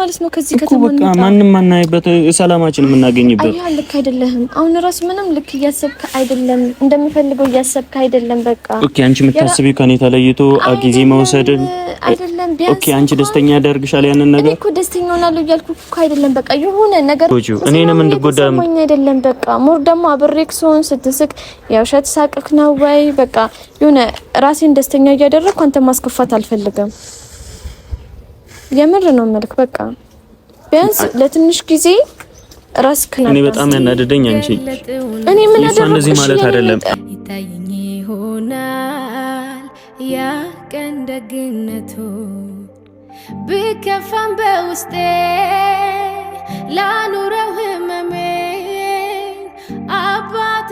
ማለት ነው። ከዚህ ከተማ ማንም ማናይበት ሰላማችን የምናገኝበት። አይ ልክ አይደለህም። አሁን ራሱ ምንም ልክ እያሰብክ አይደለም፣ እንደምፈልገው እያሰብክ አይደለም። በቃ ኦኬ፣ አንቺ የምታስቢው ከኔ ተለይቶ ጊዜ መውሰድን አይደለም። ቢያንስ ኦኬ፣ አንቺ ደስተኛ ያደርግሻል ያንን ነገር። እኔ እኮ ደስተኛ ሆናለሁ እያልኩ እኮ አይደለም። በቃ የሆነ ነገር እኔንም እንድጎዳ አይደለም። በቃ ሞር ደግሞ አብሬክ ስሆን ስትስቅ የውሸት ሳቅክ ነው ወይ? በቃ የሆነ ራሴን ደስተኛ እያደረግኩ አንተ ማስከፋት አልፈልግም። የምር ነው መልክ በቃ ቢያንስ ለትንሽ ጊዜ ራስ ክና እኔ በጣም ያናደደኝ አንቺ እኔ ምን አደረኩ እንደዚህ ማለት አይደለም። ይታየኝ ይሆናል ያ ቀን ደግነቱ ብከፋም በውስጤ ላኑረው ህመሜ አባቴ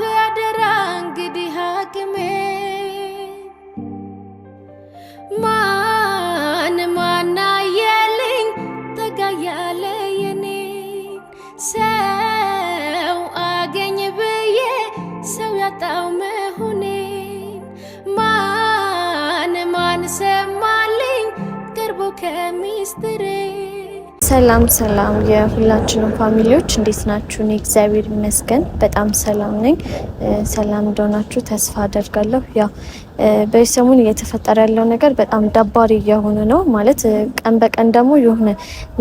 ሰላም ሰላም የሁላችንም ፋሚሊዎች እንዴት ናችሁ? እኔ እግዚአብሔር ይመስገን በጣም ሰላም ነኝ። ሰላም እንደሆናችሁ ተስፋ አደርጋለሁ። ያው በዚህ ሰሞን እየተፈጠረ ያለው ነገር በጣም ደባሪ እየሆነ ነው። ማለት ቀን በቀን ደግሞ የሆነ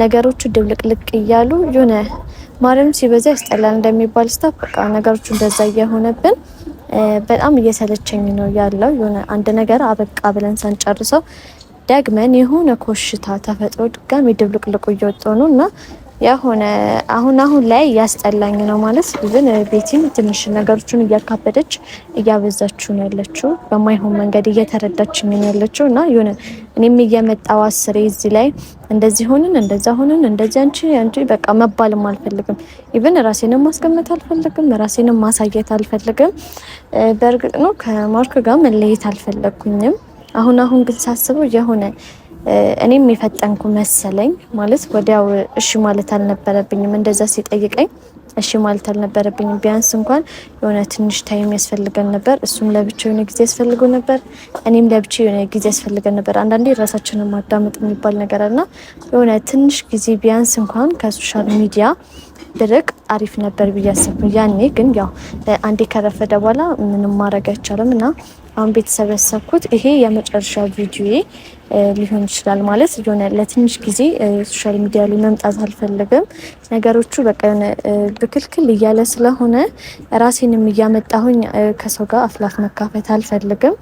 ነገሮቹ ድብልቅልቅ እያሉ የሆነ ማረም ሲበዛ ያስጠላል እንደሚባል ስታ በቃ ነገሮቹ እንደዛ እየሆነብን በጣም እየሰለቸኝ ነው ያለው። የሆነ አንድ ነገር አበቃ ብለን ሳንጨርሰው ደግመን የሆነ ኮሽታ ተፈጥሮ ድጋሚ ድብልቅልቁ እየወጡ ነው እና የሆነ አሁን አሁን ላይ ያስጠላኝ ነው ማለት ግን ቤቲም ትንሽ ነገሮችን እያካበደች እያበዛችው ነው ያለችው፣ በማይሆን መንገድ እየተረዳች ነው ያለችው እና የሆነ እኔም እየመጣው አስሬ እዚህ ላይ እንደዚህ ሆንን እንደዚ ሆንን እንደዚህ አንቺ አንቺ በቃ መባልም አልፈልግም። ኢቨን ራሴንም ማስቀመጥ አልፈልግም። ራሴንም ማሳየት አልፈልግም። በእርግጥ ነው ከማርክ ጋር መለየት አልፈለግኩኝም አሁን አሁን ግን ሳስበው የሆነ እኔም የፈጠንኩ መሰለኝ ማለት ወዲያው እሺ ማለት አልነበረብኝም። እንደዛ ሲጠይቀኝ እሺ ማለት አልነበረብኝም። ቢያንስ እንኳን የሆነ ትንሽ ታይም ያስፈልገን ነበር። እሱም ለብቻው የሆነ ጊዜ ያስፈልገው ነበር፣ እኔም ለብቻው የሆነ ጊዜ ያስፈልገን ነበር። አንዳንዴ ራሳችንን ማዳመጥ የሚባል ነገር እና የሆነ ትንሽ ጊዜ ቢያንስ እንኳን ከሶሻል ሚዲያ ድርቅ አሪፍ ነበር ብዬ አሰብኩ። ያኔ ግን ያው አንዴ ከረፈደ በኋላ ምንም ማድረግ አይቻልም እና አሁን ቤተሰብ ያሳኩት ይሄ የመጨረሻ ቪዲዮ ሊሆን ይችላል ማለት የሆነ ለትንሽ ጊዜ ሶሻል ሚዲያ ላይ መምጣት አልፈልግም። ነገሮቹ በቃ የሆነ ብክልክል እያለ ስለሆነ ራሴንም እያመጣሁኝ ከሰው ጋር አፍላፍ መካፈት አልፈልግም።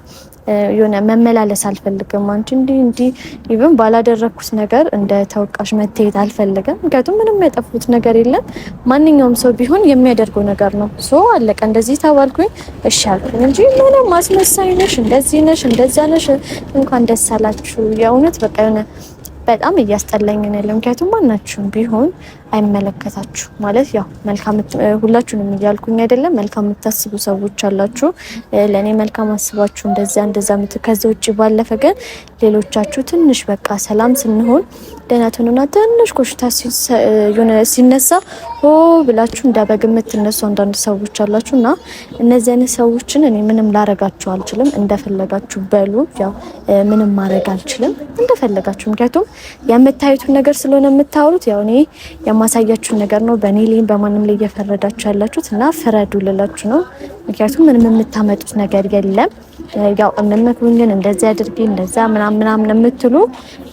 የሆነ መመላለስ አልፈልግም። አንቺ እንዲህ እንዲህ ኢቭን ባላደረግኩት ነገር እንደ ተወቃሽ መታየት አልፈልግም። ምክንያቱም ምንም ያጠፉት ነገር የለም። ማንኛውም ሰው ቢሆን የሚያደርገው ነገር ነው። ሶ አለቀ። እንደዚህ ተባልኩኝ እሺ አልኩኝ እንጂ ምንም አስመሳይ ነሽ፣ እንደዚህ ነሽ፣ እንደዛ ነሽ እንኳን ደስ አላችሁ የእውነት በቃ የሆነ በጣም እያስጠላኝ ነው ያለው። ምክንያቱም ማናችሁም ቢሆን አይመለከታችሁ ማለት ያው መልካም ሁላችሁንም እያልኩኝ አይደለም። መልካም የምታስቡ ሰዎች አላችሁ። ለእኔ መልካም አስባችሁ እንደዚያ እንደዛ ምት ከዚህ ውጭ ባለፈ ግን ሌሎቻችሁ ትንሽ በቃ ሰላም ስንሆን ደህና ትሆኑና ትንሽ ኮሽታ ሲነሳ ሆ ብላችሁ እንዳበግ የምትነሱ አንዳንድ ሰዎች አላችሁ እና እነዚህ አይነት ሰዎችን እኔ ምንም ላረጋችሁ አልችልም። እንደፈለጋችሁ በሉ። ያው ምንም ማድረግ አልችልም እንደፈለጋችሁ። ምክንያቱም የምታዩትን ነገር ስለሆነ የምታወሩት ያው እኔ የማሳያችሁን ነገር ነው። በእኔ ላይም በማንም ላይ እየፈረዳችሁ ያላችሁት እና ፍረዱ ልላችሁ ነው። ምክንያቱም ምንም የምታመጡት ነገር የለም። ያው የምመክሩኝን እንደዚህ አድርጊ እንደዛ ምናምን ምናምን የምትሉ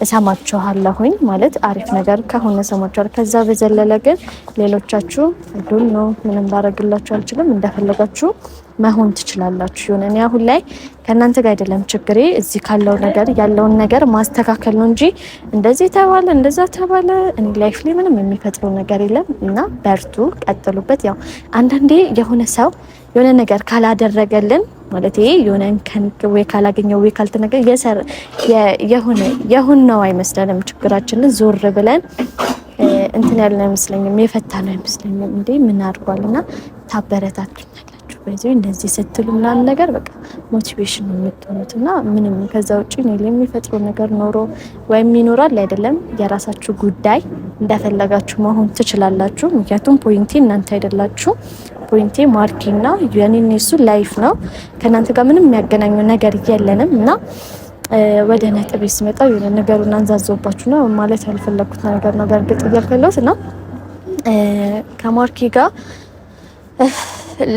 እሰማችኋለሁኝ። ማለት አሪፍ ነገር ከሆነ እሰማችኋለሁ። ከዛ በዘለለ ግን ሌሎቻችሁ ዱል ነው ምንም ላረግላችሁ አልችልም። እንደፈለጋችሁ መሆን ትችላላችሁ። የሆነ እኔ አሁን ላይ ከእናንተ ጋር አይደለም ችግሬ፣ እዚህ ካለው ነገር ያለውን ነገር ማስተካከል ነው እንጂ እንደዚህ ተባለ እንደዛ ተባለ እኔ ላይፍ ላይ ምንም የሚፈጥረው ነገር የለም እና በርቱ፣ ቀጥሉበት። ያው አንዳንዴ የሆነ ሰው የሆነ ነገር ካላደረገልን ማለት ይሄ የሆነ ከንክ ወይ ካላገኘው ወይ ካልተነገር የሆነ የሁን ነው አይመስለንም። ችግራችንን ዞር ብለን እንትን ያለን አይመስለኝም፣ የፈታ ነው አይመስለኝም። እንዴ ምን አድርጓል? እና ታበረታቱኛል በዚህ እንደዚህ ስትሉ ምናምን ነገር በቃ ሞቲቬሽን ነው የምትሆኑት እና ምንም ከዛ ውጭ የሚፈጥሩ ነገር ኖሮ ወይም ይኖራል አይደለም፣ የራሳችሁ ጉዳይ እንደፈለጋችሁ መሆን ትችላላችሁ። ምክንያቱም ፖይንቴ እናንተ አይደላችሁ። ፖይንቴ ማርኪ ና የኔን የሱ ላይፍ ነው። ከእናንተ ጋር ምንም የሚያገናኙ ነገር የለንም እና ወደ ነጥብ ስመጣ የሆነ ነገሩ እናንዛዘውባችሁ ነው ማለት ያልፈለግኩት ነገር ነው በእርግጥ እያልፈለት እና ከማርኪ ጋር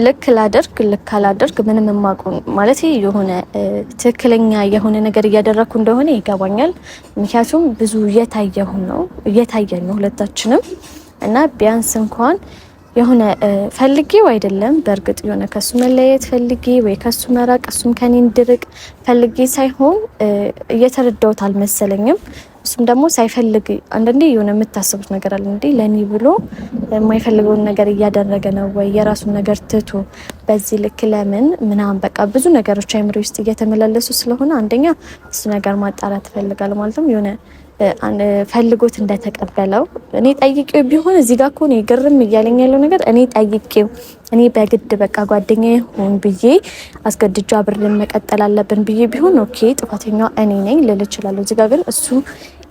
ልክ ላደርግ ልክ አላደርግ ምንም የማውቁ ማለት የሆነ ትክክለኛ የሆነ ነገር እያደረግኩ እንደሆነ ይገባኛል። ምክንያቱም ብዙ እየታየሁ ነው እየታየን ነው ሁለታችንም እና ቢያንስ እንኳን የሆነ ፈልጌው አይደለም። በእርግጥ የሆነ ከሱ መለየት ፈልጌ ወይ ከሱ መራቅ እሱም ከኔ እንድርቅ ፈልጌ ሳይሆን እየተረዳሁት አልመሰለኝም። እሱም ደግሞ ሳይፈልግ አንዳንዴ የሆነ የምታስቡት ነገር አለ እንዴ ለእኔ ብሎ የማይፈልገውን ነገር እያደረገ ነው ወይ የራሱን ነገር ትቶ በዚህ ልክ ለምን ምናምን በቃ ብዙ ነገሮች አይምሮ ውስጥ እየተመላለሱ ስለሆነ አንደኛ እሱ ነገር ማጣራት ይፈልጋል ማለትም የሆነ ፈልጎት እንደተቀበለው እኔ ጠይቄው ቢሆን እዚህ ጋር እኮ ግርም እያለኝ ያለው ነገር እኔ ጠይቄው እኔ በግድ በቃ ጓደኛ ሆን ብዬ አስገድጆ አብረን መቀጠል አለብን ብዬ ቢሆን ኦኬ፣ ጥፋተኛ እኔ ነኝ ልል እችላለሁ። እዚህ ጋር ግን እሱ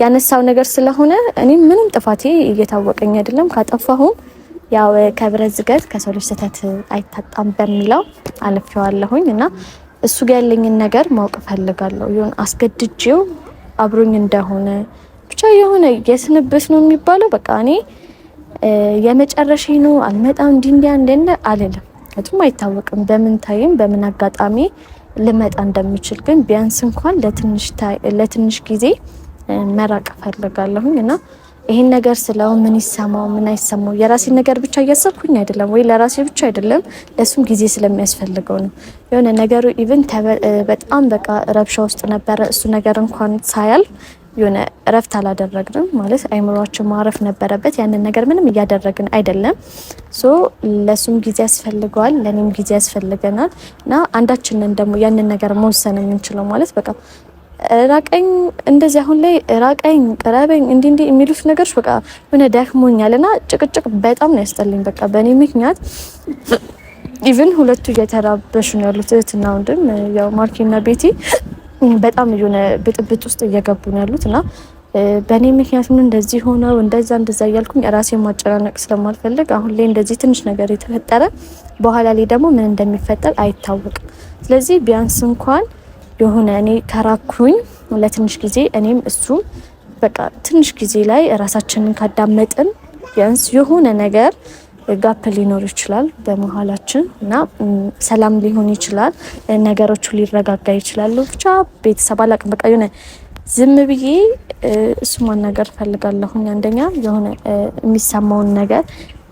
ያነሳው ነገር ስለሆነ እኔ ምንም ጥፋቴ እየታወቀኝ አይደለም። ካጠፋሁም ያው ከብረት ዝገት ከሰው ልጅ ስህተት አይታጣም በሚለው አልፌዋለሁኝ እና እሱ ጋር ያለኝን ነገር ማወቅ ፈልጋለሁ። ይሁን አስገድጄው አብሮኝ እንደሆነ ብቻ የሆነ የስንብት ነው የሚባለው። በቃ እኔ የመጨረሻ ነው አልመጣም እንዲ እንዲያ እንደነ አልልም። ምክንያቱም አይታወቅም በምን ታይም በምን አጋጣሚ ልመጣ እንደምችል። ግን ቢያንስ እንኳን ለትንሽ ጊዜ መራቅ እፈልጋለሁኝ እና ይሄን ነገር ስለው ምን ይሰማው ምን አይሰማው የራሴን ነገር ብቻ እያሰብኩኝ አይደለም፣ ወይ ለራሴ ብቻ አይደለም፣ ለሱም ጊዜ ስለሚያስፈልገው ነው። የሆነ ነገሩ ኢቭን በጣም በቃ ረብሻ ውስጥ ነበረ። እሱ ነገር እንኳን ሳያልፍ የሆነ እረፍት አላደረግንም ማለት አይምሯችን ማረፍ ነበረበት። ያንን ነገር ምንም እያደረግን አይደለም። ሶ ለሱም ጊዜ ያስፈልገዋል፣ ለእኔም ጊዜ ያስፈልገናል እና አንዳችንን ደግሞ ያንን ነገር መወሰን የምንችለው ማለት በቃ ራቀኝ እንደዚህ አሁን ላይ ራቀኝ፣ ቅረበኝ፣ እንዲህ እንዲህ የሚሉት ነገሮች በቃ ሆነ ደክሞኛል እና ጭቅጭቅ በጣም ነው ያስጠልኝ። በቃ በእኔ ምክንያት ኢቭን ሁለቱ እየተራበሹ ነው ያሉት እህትና ወንድም ያው ማርኬና ቤቲ በጣም የሆነ ብጥብጥ ውስጥ እየገቡ ነው ያሉት እና በእኔ ምክንያት ምን እንደዚህ ሆነው እንደዛ እንደዛ እያልኩኝ ራሴን ማጨናነቅ ስለማልፈልግ አሁን ላይ እንደዚህ ትንሽ ነገር የተፈጠረ በኋላ ላይ ደግሞ ምን እንደሚፈጠር አይታወቅም። ስለዚህ ቢያንስ እንኳን የሆነ እኔ ተራኩኝ ለትንሽ ጊዜ እኔም እሱም በቃ ትንሽ ጊዜ ላይ ራሳችንን ካዳመጥን ቢያንስ የሆነ ነገር ጋፕ ሊኖር ይችላል በመሀላችን እና ሰላም ሊሆን ይችላል። ነገሮቹ ሊረጋጋ ይችላሉ። ብቻ ቤተሰብ አላቅም በቃ የሆነ ዝም ብዬ እሱ ማናገር ፈልጋለሁኝ። አንደኛ የሆነ የሚሰማውን ነገር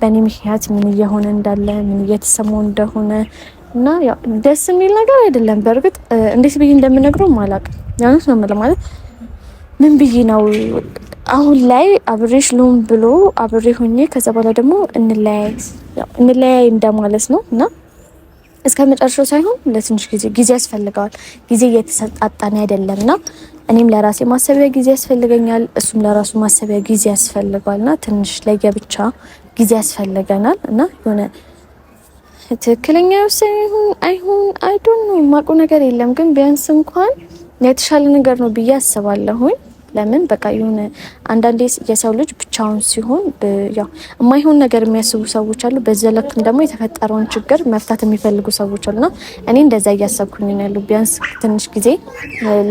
በእኔ ምክንያት ምን እየሆነ እንዳለ ምን እየተሰማው እንደሆነ እና ያው ደስ የሚል ነገር አይደለም። በእርግጥ እንዴት ብዬ እንደምነግረው አላውቅም። ያንስ ነው የምልህ ማለት ምን ብዬ ነው አሁን ላይ አብሬሽ ልሁን ብሎ አብሬ ሆኜ ከዛ በኋላ ደግሞ እንለያይ እንለያይ እንደማለት ነው እና እስከ መጨረሻው ሳይሆን ለትንሽ ጊዜ ጊዜ ያስፈልገዋል። ጊዜ እየተሰጣጣን አይደለም እና እኔም ለራሴ ማሰቢያ ጊዜ ያስፈልገኛል፣ እሱም ለራሱ ማሰቢያ ጊዜ ያስፈልገዋል እና ትንሽ ለየብቻ ጊዜ ያስፈልገናል እና የሆነ ትክክለኛ ውሳኔ ይሁን አይሁን ዶንት ኖ የማውቀው ነገር የለም። ግን ቢያንስ እንኳን የተሻለ ነገር ነው ብዬ አስባለሁኝ። ለምን በቃ የሆነ አንዳንዴ የሰው ልጅ ብቻውን ሲሆን ያው የማይሆን ነገር የሚያስቡ ሰዎች አሉ። በዛ ለክም ደግሞ የተፈጠረውን ችግር መፍታት የሚፈልጉ ሰዎች አሉና እኔ እንደዛ እያሰብኩኝ ነው ያሉ። ቢያንስ ትንሽ ጊዜ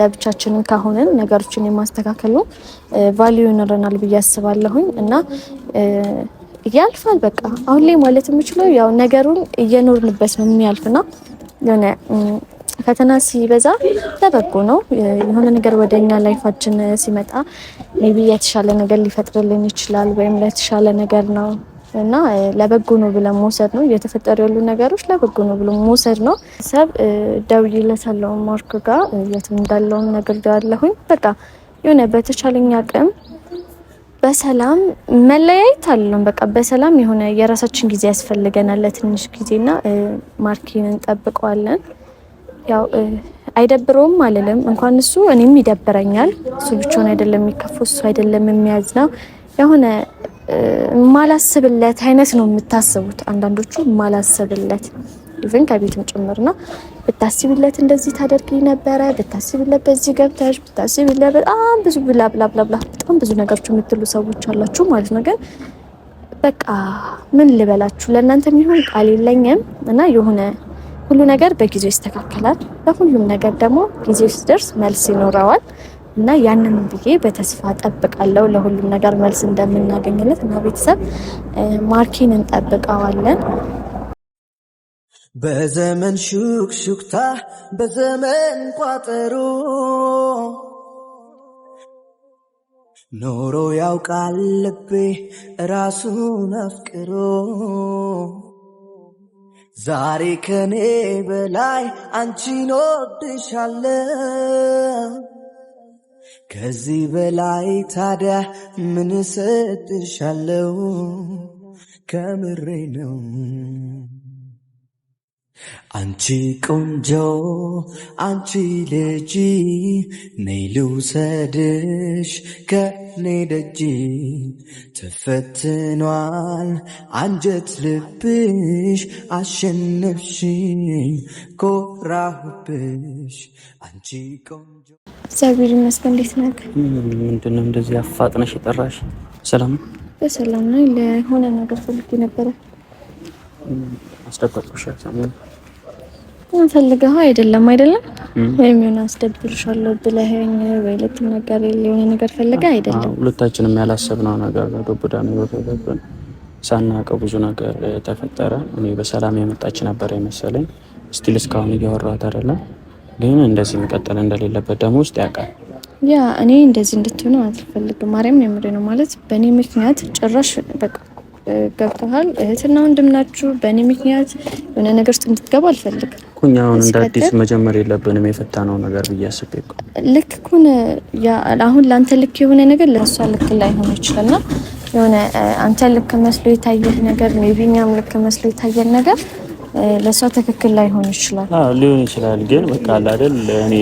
ለብቻችንን ካሆንን ነገሮችን የማስተካከሉ ቫሊዩ ይኖረናል ብዬ አስባለሁኝ እና ያልፋል። በቃ አሁን ላይ ማለት የምችለው ያው ነገሩን እየኖርንበት ነው የሚያልፍና የሆነ ፈተና ሲበዛ ለበጎ ነው። የሆነ ነገር እኛ ላይፋችን ሲመጣ ሜቢ የተሻለ ነገር ሊፈጥርልን ይችላል ወይም ለተሻለ ነገር ነው እና ለበጎ ነው ብለን መውሰድ ነው። እየተፈጠሩ ያሉ ነገሮች ለበጎ ነው ብሎ መውሰድ ነው። ሰብ ደውዬለታለሁ ማርክ ጋር እንዳለውን ነገር ያለሁኝ በቃ የሆነ በተቻለኝ አቅም በሰላም መለያየት አለም በቃ በሰላም የሆነ የራሳችን ጊዜ ያስፈልገናል ለትንሽ ጊዜና ማርኪን እንጠብቀዋለን። ያው አይደብረውም አልልም፣ እንኳን እሱ እኔም ይደብረኛል። እሱ ብቻውን አይደለም የሚከፈው፣ እሱ አይደለም የሚያዝ ነው የሆነ ማላስብለት አይነት ነው የምታስቡት አንዳንዶቹ ማላስብለት ኢቨን ከቤትም ነው ብታስቢለት እንደዚህ ታደርግ ነበረ፣ ብታስቢለት በዚህ ገብተሽ፣ ብታስቢለት በጣም ብዙ ብላ በጣም ብዙ ነገሮች የምትሉ ሰዎች አላችሁ ማለት ነው። ግን በቃ ምን ልበላችሁ ለእናንተ የሚሆን ቃል የለኝም እና የሆነ ሁሉ ነገር በጊዜው ይስተካከላል። ለሁሉም ነገር ደግሞ ጊዜው ሲደርስ መልስ ይኖረዋል እና ያንን ብዬ በተስፋ ጠብቃለሁ። ለሁሉም ነገር መልስ እንደምናገኝለት እና ቤተሰብ ማርኬን እንጠብቀዋለን። በዘመን ሹክሹክታ በዘመን ቋጠሮ ኖሮ ያውቃል ልቤ ራሱን አፍቅሮ ዛሬ ከኔ በላይ አንቺን ወድሻለሁ ከዚህ በላይ ታዲያ ምን እሰጥሻለሁ? ከምሬ ነው። አንቺ ቆንጆ አንቺ ልጅ ነይ ልውሰድሽ ከኔ ደጅ ተፈትኗል አንጀት ልብሽ አሸነፍሽኝ ኮራሁብሽ አንቺ ቆንጆ እግዚአብሔር ይመስገን እንዴት ነህ ምንድን ነው እንደዚህ አፋጥነሽ የጠራሽ ሰላም በሰላም ነው ለሆነ ነገር ፈልጌ ነበረ ሰሞኑን ፈልገው አይደለም አይደለም ወይም የሆነ አስደብርሻለሁ ብለኸኝ ወይ ልትናገር የሆነ ነገር ፈልገህ አይደለም። ሁለታችንም ያላሰብነው ነገር ነው። ዱብዳ ነው ሳናውቀው ብዙ ነገር ተፈጠረ። እኔ በሰላም የመጣች ነበር የመሰለኝ። ስቲል እስካሁን እያወራሁት አይደለም፣ ግን እንደዚህ መቀጠል እንደሌለበት ደግሞ ውስጥ ያውቃል። ያ እኔ እንደዚህ እንድትሆነ አልፈልግም። ማርያም ነው የምሬ ነው ማለት በእኔ ምክንያት ጭራሽ በቃ ገብተሃል። እህትና ወንድም ናችሁ። በእኔ ምክንያት የሆነ ነገር ውስጥ እንድትገባ አልፈልግም። እኩኛ አሁን እንደ አዲስ መጀመር የለብንም የፈታ ነው ነገር ብዬ አስቤ ልክ ኩን አሁን ለአንተ ልክ የሆነ ነገር ለእሷ ልክ ላይሆን ይችላል እና የሆነ አንተ ልክ መስሎ የታየህ ነገር ሜይ ልክ መስሎ የታየን ነገር ለእሷ ትክክል ላይሆን ይችላል ሊሆን ይችላል ግን በቃ አይደል እኔ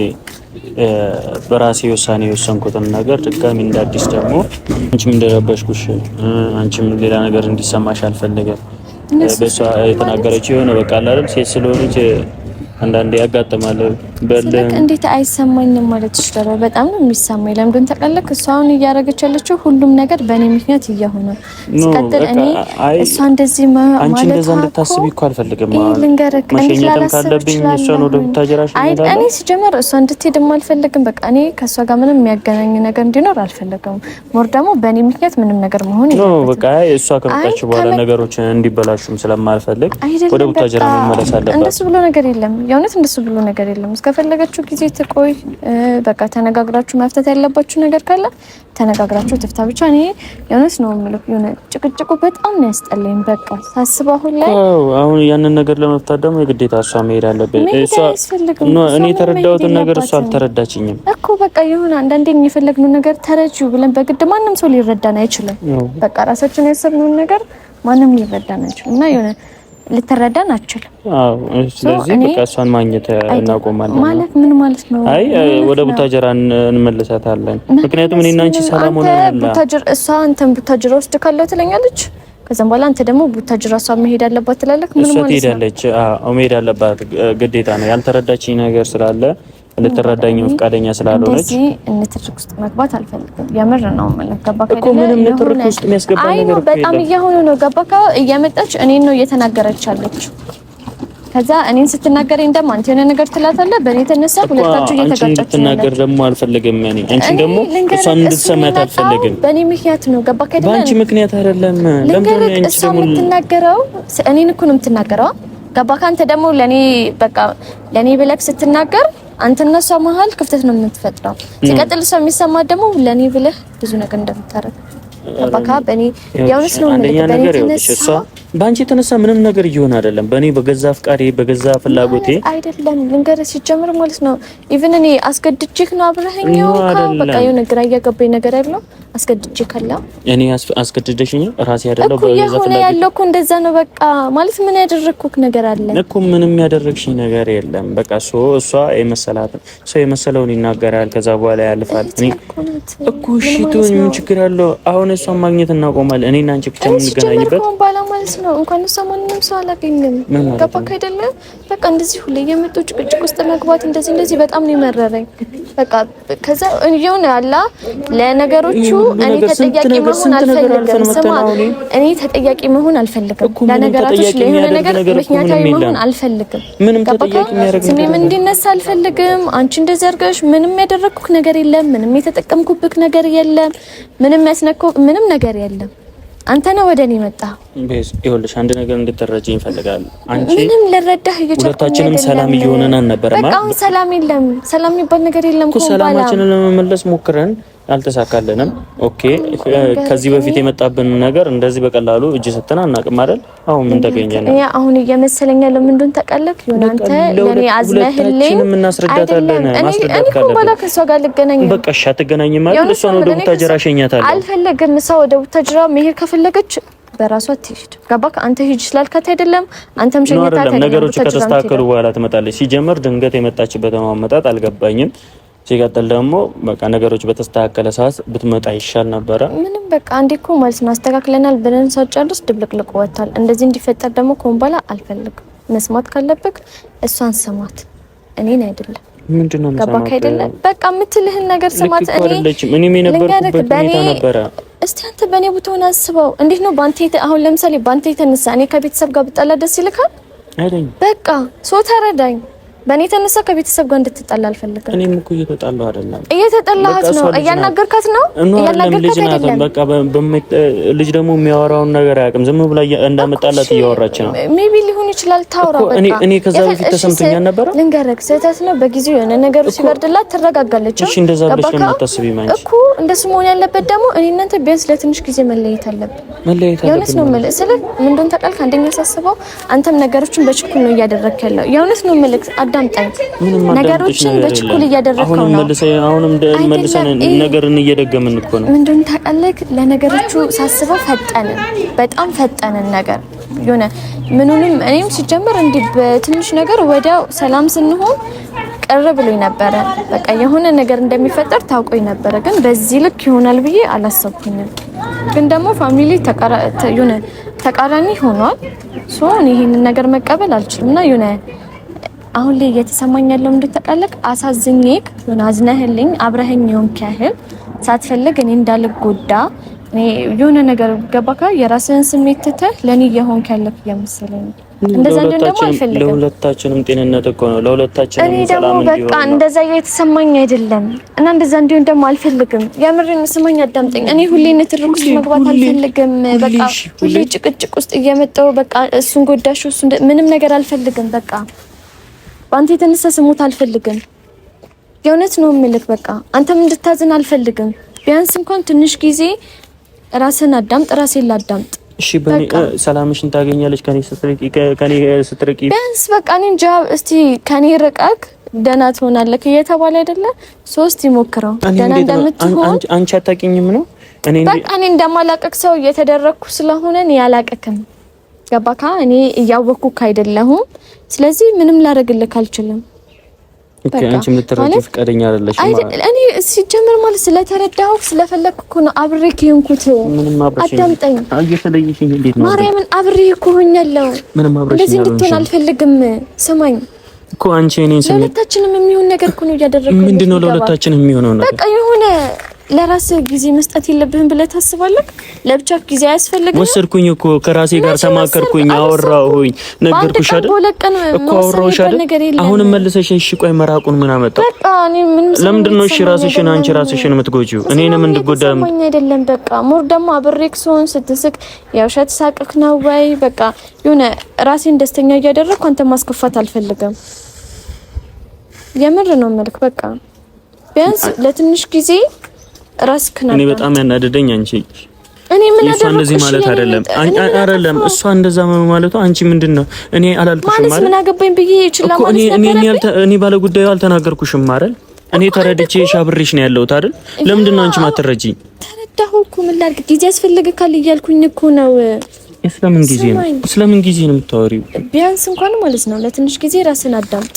በራሴ ውሳኔ የወሰንኩትን ነገር ድጋሚ እንደ አዲስ ደግሞ አንቺም እንደረበሽኩሽ አንቺም ሌላ ነገር እንዲሰማሽ አልፈልግም በሷ የተናገረችው የሆነ በቃ አላለም ሴት ስለሆነች አንዳንዴ ያጋጥማል። በልህ እንዴት አይሰማኝም ማለት ይችላል። በጣም ነው የሚሰማኝ። ለምን ተቀለክ? እሷ አሁን እያደረገች ያለችው ሁሉም ነገር በእኔ ምክንያት እየሆነ ሲቀጥል፣ እኔ እሷ እንደዚህ ማለት አንቺ እንደዛ እንድታስቢ እኮ አልፈልግም። ልንገርህ መሸኘትም ካለብኝ ይላል። እኔ ሲጀመር እሷ እንድትሄድም አልፈልግም። በቃ እኔ ከእሷ ጋር ምንም የሚያገናኝ ነገር እንዲኖር አልፈልግም። ሞር ደግሞ በእኔ ምክንያት ምንም ነገር መሆን ነው። በቃ እሷ ከመጣች በኋላ ነገሮችን እንዲበላሹም ስለማልፈልግ ወደ ብታጀራ መመለስ እንደሱ ብሎ ነገር የለም የእውነት እንደሱ ብሎ ነገር የለም። እስከፈለገችው ጊዜ ትቆይ። በቃ ተነጋግራችሁ መፍታት ያለባችሁ ነገር ካለ ተነጋግራችሁ ትፍታ። ብቻ እኔ የእውነት ነው የምልህ፣ የሆነ ጭቅጭቁ በጣም ነው ያስጠላኝ። በቃ ሳስበው አሁን ላይ አሁን ያንን ነገር ለመፍታት ደግሞ የግዴታ እሷ መሄድ አለብኝ። እኔ የተረዳሁትን ነገር እሷ አልተረዳችኝም እኮ በቃ የሆነ አንዳንዴ የፈለግነው ነገር ተረጂው ብለን በግድ ማንም ሰው ሊረዳን አይችልም። በቃ ራሳችን ያሰብነውን ነገር ማንም ሊረዳን አይችልም እና የሆነ ልትረዳን አችልም። ስለዚህ በቃ እሷን ማግኘት እናቆማለን ማለት ምን ማለት ነው? አይ ወደ ቡታጀራ እንመለሳታለን። ምክንያቱም እኔና አንቺ ሰላም ሆነ እሷ አንተን ቡታጀራ ውስጥ ካለው ትለኛለች። ከዛም በኋላ አንተ ደግሞ ቡታጅራ እሷ መሄድ አለባት ትላለህ። ምን ማለት ነው? እሷ ትሄዳለች። አዎ መሄድ አለባት ግዴታ ነው። ያልተረዳችኝ ነገር ስላለ ልትረዳኝ ፈቃደኛ ስላልሆነች እንደዚህ ንትርክ ውስጥ መግባት አልፈልግም። የምር ነው ማለት እኮ ምንም ንትርክ ውስጥ የሚያስገባ ነገር ነው። በጣም እያሆነ ነው ገባ እየመጣች እኔን ነው እየተናገረች አለችው። ከዛ እኔን ስትናገር እንደም አንተ የሆነ ነገር ትላታለህ። በእኔ የተነሳ ሁለታችሁ እየተጋጫችሁ ትናገር ደግሞ አልፈልግም። እኔ አንቺ ደግሞ እሷን እንድትሰማት አልፈልግም። በእኔ ምክንያት ነው ገባ ከደለ በአንቺ ምክንያት አይደለም። ለምን አንቺ ደግሞ የምትናገረው እኔን እኮ ነው የምትናገረው ገባ። ከአንተ ደግሞ ለኔ በቃ ለኔ ብለህ ስትናገር አንተ እነሷ መሀል ክፍተት ነው የምትፈጥረው። ሲቀጥል እሷ የሚሰማ ደግሞ ለኔ ብለህ ብዙ ነገር እንደምታረግ በቃ በኔ የእውነት ነው ነገር በአንቺ የተነሳ ምንም ነገር እየሆነ አይደለም። በእኔ በገዛ ፍቃዴ በገዛ ፍላጎቴ አይደለም። ልንገር ሲጀምር ማለት ነው ኢቭን እኔ አስገድጄህ ነው አብረኸኝ ነው በቃ የሆነ ግራ እያገባኝ ነገር አይደለም። አስገድጄህ ካለ እኔ አስገድደሽኝ ራሴ አይደለም በገዛ ፍላጎቴ ያለው እኮ እንደዛ ነው። በቃ ማለት ምን ያደረግኩህ ነገር አለ እኮ? ምንም ያደረግሽኝ ነገር የለም። በቃ ሶ እሷ የመሰላት ሰው የመሰለውን ይናገራል፣ ከዛ በኋላ ያልፋል። እኔ እኮ እሺ ምን ችግር አለው? አሁን እሷን ማግኘት እናቆማለን። እኔ እና አንቺ ብቻ የምንገናኝበት ነው። እንኳን እሷ ማንንም ሰው አላገኝም። ገባክ አይደለ? በቃ እንደዚህ ሁሌ እየመጡ ጭቅጭቅ ውስጥ መግባት እንደዚህ እንደዚህ በጣም ነው የመረረኝ። በቃ ከዛ የሆነ አላ ለነገሮቹ እኔ ተጠያቂ መሆን አልፈልግም። ስማ፣ እኔ ተጠያቂ መሆን አልፈልግም። ለነገራቶች ለሆነ ነገር ምክንያታዊ መሆን አልፈልግም። ምንም ገባክ? ስሜም እንዲነሳ አልፈልግም። አንቺ እንደዚህ አድርገሽ ምንም ያደረግኩክ ነገር የለም። ምንም የተጠቀምኩብክ ነገር የለም። ምንም ያስነኩ ምንም ነገር የለም። አንተ ነው ወደ እኔ መጣ። ይኸውልሽ አንድ ነገር እንድትረጂ እንፈልጋለን። አንቺ ምንም ልረዳህ እየቻልኩ ሁለታችንም ሰላም እየሆነን አልነበረም። በቃ አሁን ሰላም የለም፣ ሰላም የሚባል ነገር የለም እኮ ሰላማችንን ለመመለስ ሞክረን አልተሳካለንም። ኦኬ ከዚህ በፊት የመጣብን ነገር እንደዚህ በቀላሉ እጅ ሰጥተን አናውቅም አይደል? አሁን ምን ተገኘ ነው? እኛ አሁን እየመሰለኝ ያለው ምንድን ተቀለክ ይሁን አንተ ለኔ አዝነህልኝ እናስረዳታለን። ማስረዳት ካለ በኋላ ከሷ ጋር ልገናኝ በቃ እሺ፣ አትገናኝም አይደል? እሷን ወደ ቡታጅራ ሸኛታለሁ። አልፈለግም። እሷ ወደ ቡታጅራ መሄድ ከፈለገች በራሷ ትሄድ ጋባ አንተ ሂጅ ስላልካት አይደለም። አንተም ሸኝታት ነገሮች ከተስተካከሉ በኋላ ትመጣለች። ሲጀመር ድንገት የመጣችበት አመጣጥ አልገባኝም። ሲቀጥል ደግሞ በቃ ነገሮች በተስተካከለ ሰዓት ብትመጣ ይሻል ነበረ። ምንም በቃ አንዴ እኮ ማለት አስተካክለናል ብለን ሳጨርስ ድብልቅልቅ ወጥታል። እንደዚህ እንዲፈጠር ደግሞ ኮምባላ አልፈልግም። መስማት ካለብክ እሷን ስማት፣ እኔን አይደለም። ምንድነው ገባክ አይደለም? በቃ የምትልህን ነገር ስማት። እኔ ልንገርህ በእኔ እስቲ አንተ በእኔ ቦታውን አስበው። እንዴት ነው በአንተ አሁን ለምሳሌ በአንተ የተነሳ እኔ ከቤተሰብ ጋር ብጠላ ደስ ይልካል? በቃ ሶ ተረዳኝ በእኔ የተነሳ ከቤተሰብ ጋር እንድትጠላ አልፈልግም። እኔም እኮ እየተጣላሁ አይደለም። እየተጠላሃት ነው። እያናገርካት ነው። እያናገርካት አይደለም። በቃ ልጅ ደግሞ የሚያወራውን ነገር አያውቅም። ዝም ብላ እንዳመጣላት እያወራች ነው። ሜቢ ሊሆን ይችላል ታውራ። በቃ እኔ እኔ ከዛ በፊት ተሰምቶኛል ነበረ። ልንገረክ፣ ስህተት ነው። በጊዜው የሆነ ነገር ሲበርድላት ትረጋጋለች። እሺ፣ እንደዛ ብለሽ ነው የምታስቢው? ማንቺ እኮ እንደሱ መሆን ያለበት ደግሞ እኔ እናንተ ቢያንስ ለትንሽ ጊዜ መለየት አለብን። መለየት አለብን። የእውነት ነው የምልህ። ስለ ምንድን ታውቃለህ፣ አንደኛ ሳስበው አንተም ነገሮችን በችኩል ነው እያደረግክ ያለው። የእውነት ነው የምልህ አዳምጠኝ። ነገሮችን በችኩል እያደረግከው ነው። አሁንም መልሰን ነገርን እየደገምን እኮ ነው። ምንድን ታውቃለህ? ለነገሮቹ ሳስበው ፈጠንን፣ በጣም ፈጠንን። ነገር የሆነ ምኑንም እኔም ሲጀምር እንዲህ በትንሽ ነገር ወዲያው ሰላም ስንሆን ቅር ብሎኝ ነበረ። በቃ የሆነ ነገር እንደሚፈጠር ታውቆኝ ነበረ፣ ግን በዚህ ልክ ይሆናል ብዬ አላሰብኩኝም። ግን ደግሞ ፋሚሊ ተቃራኒ ሆኗል። ሶ ይሄንን ነገር መቀበል አልችልም እና የሆነ አሁን ላይ እየተሰማኝ ያለው እንዴት ታውቃለህ? አሳዝኜክ ሆነ አዝነህልኝ አብረኸኝ የሆንክ ያህል ሳትፈልግ እኔ እንዳልጎዳ እኔ የሆነ ነገር ገባካ የራስህን ስሜት ትተህ ለኔ እየሆንክ ያለህ እየመሰለኝ እንደዛ እንደሆነ ደግሞ አልፈልግም። ለሁለታችንም ጤንነት እኮ ነው ለሁለታችንም ሰላም እንዲሆን። እኔ ደግሞ በቃ እንደዛ እየተሰማኝ አይደለም እና እንደዛ እንዲሆን ደግሞ አልፈልግም። የምሬን ስማኝ፣ አዳምጠኝ። እኔ ሁሌ ንትርክ ውስጥ መግባት አልፈልግም። በቃ ሁሌ ጭቅጭቅ ውስጥ እየመጣሁ በቃ እሱን ጎዳሽ፣ እሱ ምንም ነገር አልፈልግም በቃ በአንተ የተነሳ ስሞት አልፈልግም። የእውነት ነው የምልህ። በቃ አንተም እንድታዝን አልፈልግም። ቢያንስ እንኳን ትንሽ ጊዜ ራስን አዳምጥ፣ ራሴን ላዳምጥ። እሺ በኔ ሰላምሽን ታገኛለች ከኔ ስትርቂ ቢያንስ በቃ እኔ እንጃ። እስቲ ከኔ ርቀክ ደህና ትሆናለህ እየተባለ አይደለ? ሶስት ይሞክረው ደህና እንደምትሆን አንቺ አታውቂኝም ነው እኔ በቃ እኔ እንደማላቀቅ ሰው እየተደረግኩ ስለሆነ እኔ አላቀቅም። ገባካ? እኔ እያወኩክ አይደለሁም። ስለዚህ ምንም ላደርግልክ አልችልም። አንቺ የምትረጂው ፍቃደኛ አይደለሽ። እኔ ሲጀምር ማለት ስለተረዳሁክ ስለፈለግክ እኮ ነው አብሬክ የሆንኩት። አዳምጠኝ። ማርያምን አብሬህ እኮ ሆኛለሁ። እንደዚህ እንድትሆን አልፈልግም። ስማኝ እኮ አንቺ እኔን ስሜት ለሁለታችንም የሚሆን ነገር እኮ ነው እያደረግኩ። ምንድን ነው ለሁለታችንም የሚሆነው ነው በቃ የሆነ ለራስ ጊዜ መስጠት የለብህም ብለህ ታስባለህ? ለብቻ ጊዜ አያስፈልግም። ወሰድኩኝ እኮ ከራሴ ጋር ተማከርኩኝ፣ አወራሁኝ፣ ነገርኩሽ አይደል እኮ አወራሁሽ አይደል። አሁን መልሰሽ እሺ፣ ቆይ መራቁን ምን አመጣው? ለምንድን ነው እሺ ራስሽን አንቺ ራስሽን የምትጎጂው? እኔንም እንድጎዳ አይደለም። በቃ ሞር ደግሞ አብሬክ ስሆን ስትስቅ የውሸት ሳቅክ ነው ወይ? በቃ የሆነ ራሴን ደስተኛ እያደረግኩ አንተ ማስከፋት አልፈልግም። የምር ነው መልክ በቃ ቢያንስ ለትንሽ ጊዜ ራስክ ነበር። እኔ በጣም ያናደደኝ አንቺ እኔ ምን አደረኩ? እንደዚህ ማለት አይደለም አይደለም። እሷ እንደዛ ማለቷ አንቺ ምንድነው? እኔ አላልኩሽም ማለት ምን አገባኝ ብዬ ይችላል ማለት ነው። እኔ እኔ ባለ ጉዳዩ አልተናገርኩሽም አይደል? እኔ ተረድቼ ሻብሬሽ ነው ያለሁት አይደል? ለምንድን ነው አንቺ ማትረጂኝ? ተረዳሁ እኮ ምን ላድርግ? ጊዜ ያስፈልግካል እያልኩኝ እኮ ነው። ስለምን ጊዜ ነው ስለምን ጊዜ ነው የምታወሪው? ቢያንስ እንኳን ማለት ነው ለትንሽ ጊዜ ራስን አዳምጥ።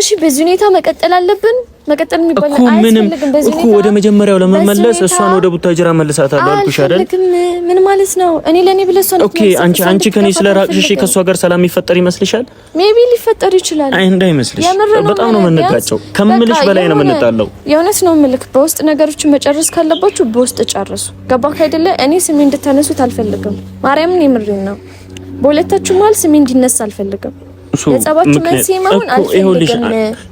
እሺ በዚህ ሁኔታ መቀጠል አለብን። መቀጠል የሚባል ምንም እኮ ወደ መጀመሪያው ለመመለስ እሷን ወደ ቡታጅራ መልሳታለሁ አልኩሽ አይደል? ምን ማለት ነው? እኔ ለኔ ብለሽ እሷን ኦኬ፣ አንቺ አንቺ ከኔ ስለ ራቅሽ እሺ፣ ከእሷ ጋር ሰላም ይፈጠር ይመስልሻል? ሜቢ ሊፈጠር ይችላል። አይ እንዳይመስልሽ፣ በጣም ነው የምንጋጨው፣ ከምልሽ በላይ ነው የምንጣለው። የእውነት ነው የምልክ። በውስጥ ነገሮችን መጨረስ ካለባችሁ በውስጥ ጨርሱ። ገባክ አይደለ? እኔ ስሜ እንድታነሱት አልፈልግም። ማርያምን፣ የምሬን ነው። በሁለታችሁ መሀል ስሜ እንዲነሳ አልፈልግም። ለጸባችሁ መንስኤ መሆን አልፈልግም።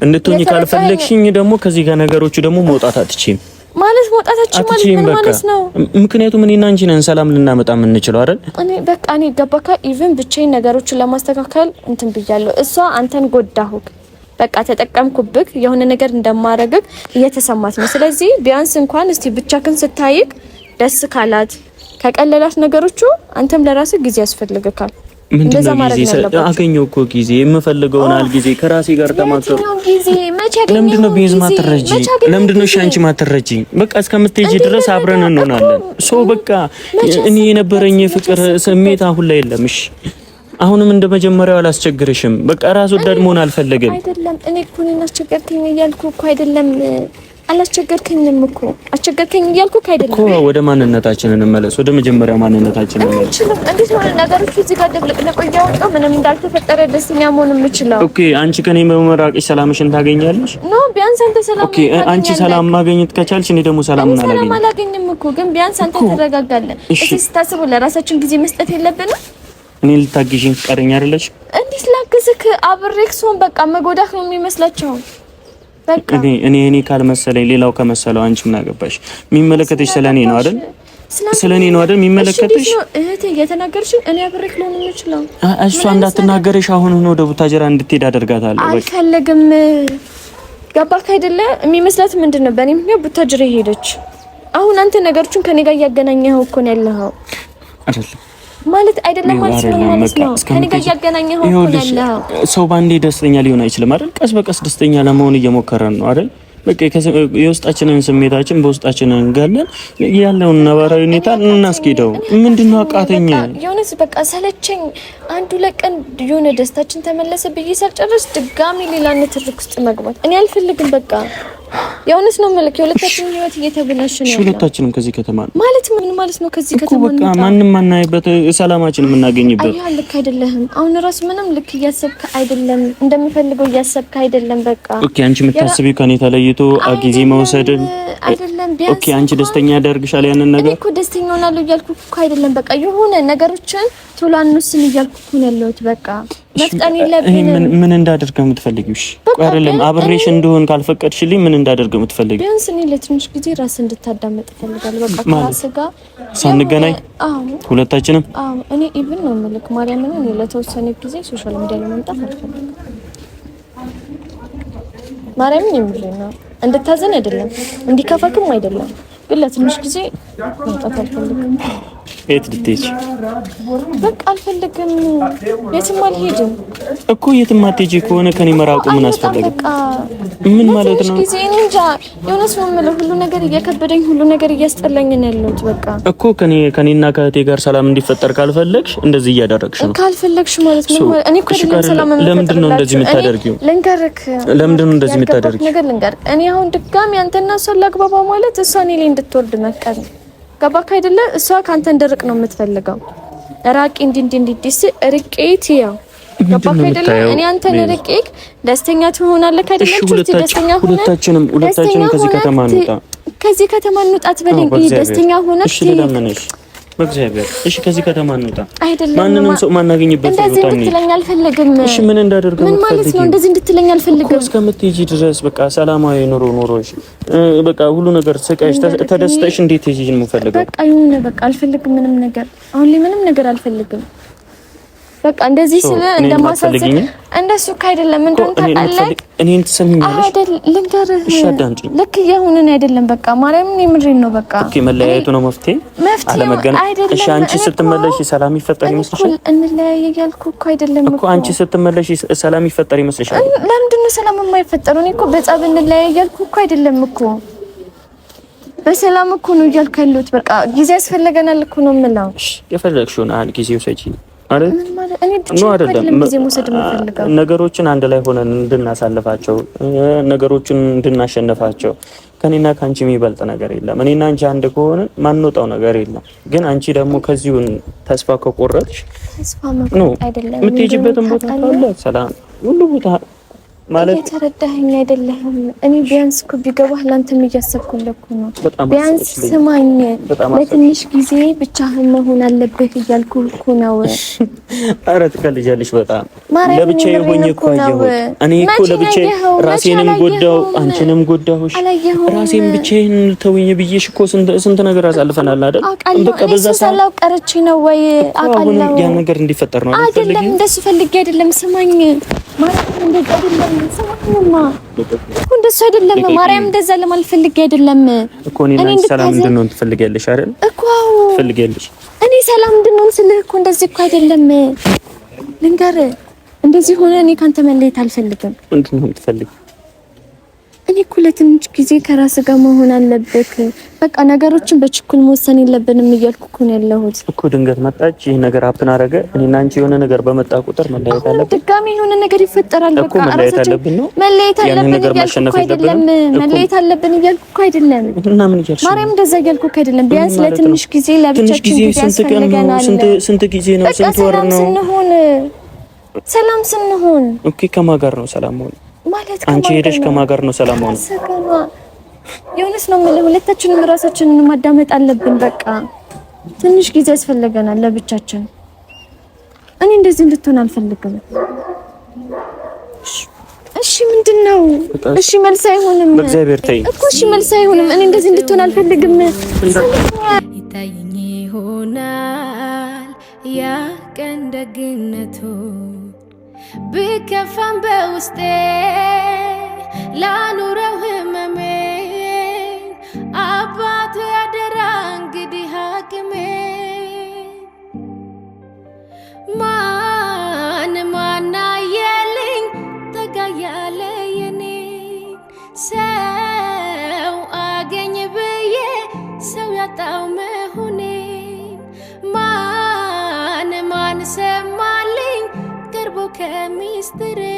እንድትሆኝ ካልፈለግሽኝ ደግሞ ከዚህ ጋር ነገሮቹ ደግሞ መውጣት አትችይም ማለት መውጣታችን ማለት ምን ማለት ነው? ምክንያቱም እኔና አንቺ ነን ሰላም ልናመጣ የምንችለው አይደል? እኔ በቃ እኔ ገባካ ኢቭን ብቻዬን ነገሮችን ለማስተካከል እንትን ብያለሁ። እሷ አንተን ጎዳሁክ፣ በቃ ተጠቀምኩብክ፣ የሆነ ነገር እንደማረግክ እየተሰማት ነው። ስለዚህ ቢያንስ እንኳን እስቲ ብቻክን ስታይቅ ደስ ካላት ከቀለላት ነገሮቹ አንተም ለራስህ ጊዜ ያስፈልግካል። ምንድነው ጊዜ አገኘው እኮ ጊዜ የምፈልገውን አል ጊዜ ከራሴ ጋር ተማክሮ ለምንድነው ቤዝ ማትረጂ? ለምንድነው ሻንቺ ማትረጂ? በቃ እስከምትሄጂ ድረስ አብረን እንሆናለን። ሶ በቃ እኔ የነበረኝ የፍቅር ስሜት አሁን ላይ የለም። እሺ አሁንም እንደ መጀመሪያው አላስቸግርሽም። በቃ ራስ ወዳድ መሆን አልፈለግም። አይደለም እኔ እኮ እኔን አስቸገርተኝ እያልኩ እኮ አይደለም አላስቸገርከኝም እኮ አስቸገርከኝ እያልኩ አይደለም እኮ። ወደ ማንነታችን እንመለስ፣ ወደ መጀመሪያ ማንነታችን እንመለስ። እንዴት ነው ነገሮቹ እዚህ ጋር ደብልቅልቅ እያወጣሁ ምንም እንዳልተፈጠረ ደስተኛ መሆን የምችለው? ኦኬ፣ አንቺ ከኔ በመራቅሽ ሰላምሽን ታገኛለሽ። ኖ ቢያንስ አንተ ሰላም። ኦኬ፣ አንቺ ሰላም ማግኘት ከቻልሽ እኔ ደግሞ ሰላም አላገኝም እኮ። ግን ቢያንስ አንተ ተረጋጋለን። እሺ፣ ስታስቡ ለራሳችን ጊዜ መስጠት የለብንም? እኔ ልታግዢኝ ፍቃደኛ አይደለሽ? እንዴት ላግዝክ? አብሬክ ሶን በቃ መጎዳህ ነው የሚመስላቸው እኔ እኔ ካልመሰለኝ ሌላው ከመሰለው አንቺ ምን አገባሽ? የሚመለከተሽ ስለኔ ነው አይደል? ስለኔ ነው አይደል የሚመለከተሽ? እህቴ የተናገርሽ እኔ አብሬክ ነው የምችለው። እሷ እንዳትናገርሽ አሁን ሆኖ ወደ ቡታጀራ እንድትሄድ አደርጋታለሁ። አልፈለግም። ገባክ አይደለ? የሚመስላት ምንድን ነው በእኔ ምክንያት ቡታጀራ ሄደች። አሁን አንተ ነገሮችን ከኔ ጋር እያገናኘኸው እኮ ነው ያለኸው አይደል? ማለት አይደለም ማለት ነው ማለት ነው። ከኔ ጋር እያገናኘ ሰው በአንዴ ደስተኛ ሊሆን አይችልም አይደል? ቀስ በቀስ ደስተኛ ለመሆን እየሞከረን ነው አይደል? በቃ የውስጣችንን ስሜታችን በውስጣችንን እንጋለን። ያለውን ነባራዊ ሁኔታ እናስኬደው። ምንድነው አቃተኛ የሆነስ በቃ ሰለቸኝ። አንዱ ለቀን የሆነ ደስታችን ተመለሰ ብዬ ሳልጨርስ ድጋሚ ሌላ ንትርክ ውስጥ መግባት እኔ አልፈልግም በቃ የእውነት ነው የምልክ፣ የሁለታችንም ህይወት እየተበላሽ ነው። ሁለታችንም ከዚህ ከተማ ማለት ምን ማለት ነው? ከዚህ ከተማ በቃ ማንም ማናይበት ሰላማችን የምናገኝበት አይ ልክ አይደለህም። አሁን ራሱ ምንም ልክ እያሰብክ አይደለም፣ እንደምፈልገው እያሰብክ አይደለም። በቃ ኦኬ፣ አንቺ የምታስቢው ከኔ ተለይቶ ጊዜ መውሰድን አይደለም። ቢያንስ ኦኬ፣ አንቺ ደስተኛ ያደርግሻል ያንን ነገር። እኔ እኮ ደስተኛ ሆናለሁ እያልኩ እኮ አይደለም። በቃ የሆነ ነገሮችን ቶሎ አንወስን እያልኩ እኮ ነው ያለሁት በቃ ምን እንዳደርግ የምትፈልጊው? አይደለም አብሬሽ እንደሆን ካልፈቀድሽልኝ ምን እንዳደርግ የምትፈልጊው? ቢያንስ እኔ ለትንሽ ጊዜ ራስ እንድታዳመጥ እፈልጋለሁ። በቃ ከራስህ ጋር ሳንገናኝ ሁለታችንም። እኔ ኢቭን ነው የምልክ ማርያም፣ እኔ ለተወሰነ ጊዜ ሶሻል ሚዲያ ላይ መምጣት አልፈልግም። ማርያም ማርያምን የምልህ ነው እንድታዘን አይደለም እንዲከፋክም አይደለም፣ ግን ለትንሽ ጊዜ መምጣት አልፈልግም። የት ልትሄጂ? በቃ አልፈልግም። የትም አልሄድም እኮ። የትም አትሄጂ ከሆነ ከኔ መራቁ ምን አስፈለገ? ምን ማለት ነው? ጊዜ እንጃ የሆነስ ነው የምለው። ሁሉ ነገር እየከበደኝ፣ ሁሉ ነገር እያስጠላኝ ነው ያለሁት። በቃ እኮ ከኔ ከኔና ከእህቴ ጋር ሰላም እንዲፈጠር ካልፈለግሽ እንደዚህ እያደረግሽ ነው። ካልፈለግሽ ማለት ነው እኔ እኮ ሰላም ለምንድን ነው እንደዚህ የምታደርጊው? ልንገርክ፣ ለምንድን ነው እንደዚህ የምታደርጊው ነገር ልንገርክ። እኔ አሁን ድጋሚ አንተና እሷን ላግባባ ማለት እሷ እኔ ላይ እንድትወርድ መቀር ነው ገባክ አይደለ? እሷ ካንተ እንደርቅ ነው የምትፈልገው። ራቂ እንዲ እንዲ እንዲ ዲስ ርቄ ትያው ገባክ አይደለ? እኔ አንተን ርቄ ደስተኛ ትሆናለህ አይደለ? ደስተኛ ሆነ ሁለታችንም ሁለታችንም ከዚህ ከተማ እንውጣ፣ ከዚህ ከተማ እንውጣ በለኝ። ደስተኛ ሆነ በእግዚአብሔር እሺ፣ ከዚህ ከተማ እንውጣ። አይደለም ማንንም ሰው ማናገኝበት ቦታ እንደዚህ እንድትለኝ አልፈልግም። እሺ፣ ምን እንዳደርግ ምን ማለት ነው? እንደዚህ እንድትለኝ አልፈልግም። እስከምትሄጂ ድረስ በቃ ሰላማዊ ኑሮ ኑሮሽ፣ በቃ ሁሉ ነገር ስቃይሽ፣ ተደስተሽ እንዴት ሄጂ ነው የምፈልገው። በቃ ይሁን፣ በቃ አልፈልግም ምንም ነገር። አሁን ላይ ምንም ነገር አልፈልግም። በቃ እንደዚህ ስለ እንደማሳዝን እንደሱ አይደለም። እንደውም ታውቃለህ፣ እኔን ትሰሚኛለሽ አይደል? ልንገርህ፣ እሺ አዳምጪኝ። ልክ እየሆንን አይደለም። በቃ ማርያም፣ እኔ ምድሬን ነው በቃ። ኦኬ፣ መለያየቱ ነው መፍትሄ አለመገናኘት አይደለም። እሺ፣ አንቺ ስትመለሽ ሰላም ይፈጠር ይመስልሻል? እንለያየ እያልኩ እኮ አይደለም እኮ። አንቺ ስትመለሽ ሰላም ይፈጠር ይመስልሻል? ለምንድን ነው ሰላም የማይፈጠረው? እኔ እኮ በጸብ እንለያየ እያልኩ እኮ አይደለም እኮ በሰላም እኮ ነው እያልኩ ያለሁት። በቃ ጊዜ ያስፈልገናል እኮ ነው የምለው። እሺ፣ የፈለግሽውን ያህል ጊዜ ውሰጂ ነገሮችን አንድ ላይ ሆነን እንድናሳልፋቸው ነገሮችን እንድናሸንፋቸው ከኔና ከአንቺ የሚበልጥ ነገር የለም። እኔና አንቺ አንድ ከሆነ ማንወጣው ነገር የለም። ግን አንቺ ደግሞ ከዚሁን ተስፋ ከቆረጥሽ ነው የምትሄጂበትን ቦታ ካለ ሰላም ሁሉ ቦታ ማለት የተረዳኸኝ አይደለህም። እኔ ቢያንስ እኮ ቢገባህ ላንተም እያሰብኩልህ እኮ ነው። ቢያንስ ስማኝ፣ ለትንሽ ጊዜ ብቻህን መሆን አለብህ እያልኩህ እኮ ነው። ኧረ ትቀልጃለሽ በጣም ለብቻዬ ሆኜ እኮ አየሁት። እኔ እኮ ለብቻዬ ራሴንም ጎዳሁ፣ አንቺንም ጎዳሁሽ። ራሴን ብቻዬን ተውኝ ብዬሽ እኮ ስንት ነገር አሳልፈናል አይደል? በቃ በዛ ሳላው ቀርቼ ነው ወይ አቃለው ያ ነገር እንዲፈጠር ነው አይደለም። እንደሱ ፈልጌ አይደለም። ስማኝ ማለት እንደዛ አይደለም እኮ እንደሱ አይደለም። ማርያም እንደዛ ለማለት ፈልጌ አይደለም እኮ እኔ እና ሰላም እንድንሆን ትፈልጊያለሽ አይደል? እኮ ትፈልጊያለሽ። እኔ ሰላም እንድንሆን ስልህ እኮ እንደዚህ እኮ አይደለም። ልንገርህ፣ እንደዚህ ሆነ እኔ ካንተ መለየት አልፈልግም። ምንድን ነው የምትፈልጊው? እኔ እኮ ለትንሽ ጊዜ ከራስ ጋር መሆን አለበት። በቃ ነገሮችን በችኩል መወሰን የለብንም እያልኩ እኮ ነው ያለሁት እኮ። ድንገት መጣች፣ ይህ ነገር አፕን አደረገ። እኔና አንቺ የሆነ ነገር በመጣ ቁጥር መለያየት አለብን። ድጋሚ የሆነ ነገር ይፈጠራል። በቃ መለያየት አለብን ነው መለያየት አለብን እያልኩ እኮ አይደለም። መለያየት አለብን እያልኩ እኮ አይደለም። እና ምን እያልሽ ማርያም? እንደዛ እያልኩ እኮ አይደለም። ቢያንስ ለትንሽ ጊዜ ለብቻችን ጊዜ ያስፈልገናል። ስንት ጊዜ ነው? ስንት ወር ነው? ሰላም ስንሆን እኮ ከማን ጋር ነው ሰላም ሆነ ማለት አንቺ ሄደሽ ከማጋር ነው ሰላም ሆነ የሆነስ ነው የምልህ። ሁለታችንም ራሳችንን ማዳመጥ አለብን። በቃ ትንሽ ጊዜ ያስፈልገናል ለብቻችን። እኔ እንደዚህ እንድትሆን አልፈልግም። እሺ ምንድን ነው? እሺ መልስ አይሆንም እኮ እሺ መልስ አይሆንም። እኔ እንደዚህ እንድትሆን አልፈልግም። ይታየኝ ይሆናል ያ ቀን ደግነቱ ብከፋም በውስጤ ላኑረው ህመሜ አባቱ ያደራ እንግዲህ ሐኪሜ ማን ማና mis tere